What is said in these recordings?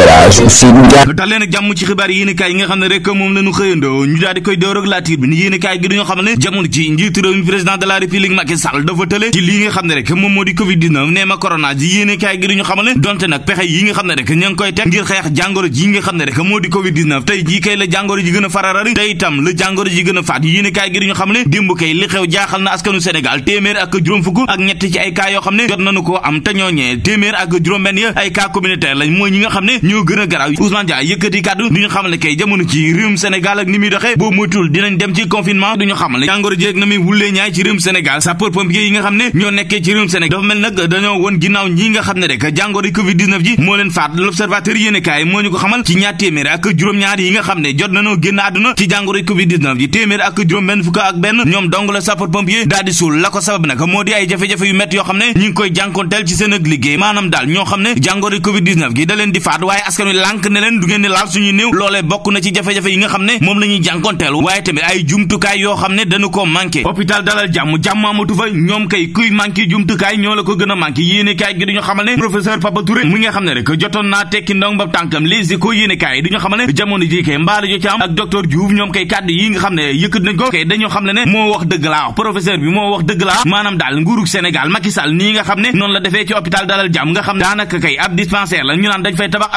Elhadj Ousseynou Ndiaye dal yi nga xam ne rek moom lañu xëyandoo ñu daal di koy door ak laatiir bi ni yéenekaay gi dañoo xam ne jamono ci ne rek moom moo di covid 19 ne donte yi moo di covid 19 tey jii kay la jàngoro ji gën a fararari tey itam la jàngoro ji gën a faat yéenekaay gi dañu xam ne démb kay li xew jaaxal na askanu Sénégal téeméer ak juróom fukk ak ñett ci ay cas yoo xam ne jot nañu ko am te ñooñee téeméer ak juróom benn ya ay cas communautaire lañ mooy ñi nga xam ne ñoo gën a garaaw Ousmane Dia yëkkati kàddu du ñu xamal ne kay jamono ci réewum Sénégal ak ni muy doxee boo moytul dinañ dem ci confinement du ñu xamal ne jàngoro ji na muy yi ne ñoo nekkee ci réewum Sénégal dafa mel nag dañoo xam ne rek jàngoro Covid 19 ji moo leen faat l'observateur yéene kaay moo ñu ko xamal ci ñaar ne jot nañoo génn àdduna ci jàngoro Covid 19 ji téeméer ak juróom benn fukk ak benn ñoom dong la sapeur pompier ne ñi ngi koy jànkonteel ci seen ak liggéey ne jàngoro Covid gi da di faat waaye askan wi lànk ne leen du ngeen ni laal suñu néew loolee bokk na ci jafe-jafe yi nga xam ne moom la ñuy jànkonteel waaye tamit ay jumtukaay yoo xam ne dañu ko manqué hôpital dalal jàmm jàmm amatu fa ñoom kay kuy manqué a manqué yéene kaay gi duñu xamal xam ne jamono ji kay mbaala am ak docteur Diouf ñoom kay kàddu yi nga xam ne yëkkat nañ ko kay dañoo xam ne moo wax dëgg laa professeur bi moo wax dëgg laa maanaam daal nguurug Sénégal Macky nii nga xam ne noonu la defee ci hôpital dalal jàmm nga xam ne daanaka kay ab dispensaire la naan dañ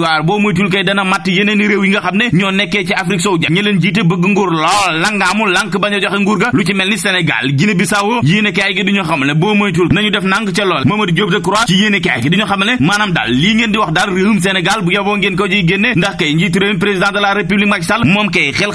waar boo moytul kay dana matt yeneen i réew yi nga xam ne ñoo nekkee ci Afrique sow ja ñi leen bëgg nguur lool langaamu lank bañ a joxe nguur ga lu ci mel ni Sénégal Guinée Bissau yéene kaay gi duñu xam boo moytul nañu def nànk ca lool Mamadou Diop Decroix ci yéene kaay gi duñu xam ne daal lii ngeen di wax daal réewum Sénégal bu yeboo ngeen ko ciy ndax kay njiitu président de la République Macky moom kay xel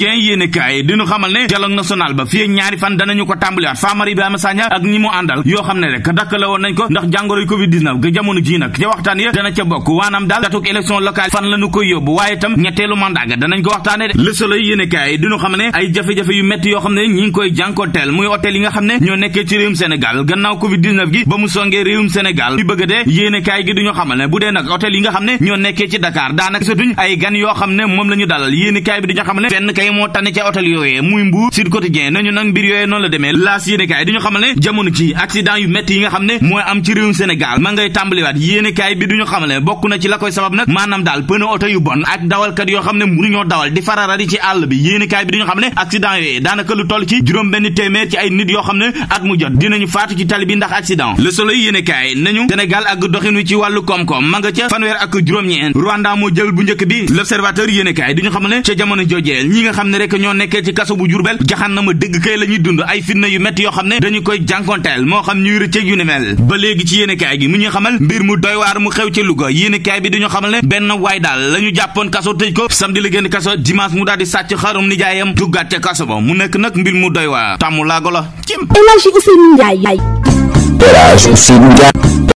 Quotidien yéenekaay diñu xamal ne dialogue national ba fii ñaari fan danañu ko tàmbaliwaat Famar Ibrahima Sagna ak ñi mu àndal yoo xam ne rek dakkale woon nañ ko ndax jàngoroy covid 19 jamono ji nag ca waxtaan ya dana ca bokk waanaam daal datuk élection locale fan lañu koy yóbbu waaye tam ñetteelu mandat ga danañ ko waxtaane de yéenekaay diñu xam ne ay jafe-jafe yu metti yoo xam ne ñi koy jànkonteel muy hôtel yi nga yi nga xam ne ñoo nekkee ci Dakar ne moo tànn ca hôtel yooyee muy Mbour Sud Quotidien nañu nag mbir yooyee noonu la demee laas yéenekaay duñu xamal ne ci accident yu metti yi nga xam ne mooy am ci réewum Sénégal ma ngay tàmbaliwaat yéenekaay bi duñu xamal bokk na ci la koy sabab nag maanaam daal pneu oto yu bon ak dawalkat yoo xam ne mënuñoo dawal di fararari ci àll bi yéenekaay bi duñu xam ne accident yooyee daanaka lu toll ci juróom benn téeméer ci ay nit yoo xam ne at mu jot dinañu faatu ci xam ne rek ñoo nekkee ci kaso bu Jurbel jaxannama dëgg kay la dund ay fitna yu metti yoo xam ne dañu koy jànkonteel moo xam ñuy rëcceeg yu ni mel ba léegi ci yéenekaay gi mu ñuy xamal mbir mu doy waar mu xew ci Louga yéenekaay bi dañu xamal ne benn waay daal la jàppoon kaso tëj ko samedi la génn kaso dimanche mu daal di sàcc xarum nijaayam duggaat ca kaso ba mu nekk nag mbir mu doy waar tàmmu laago la cim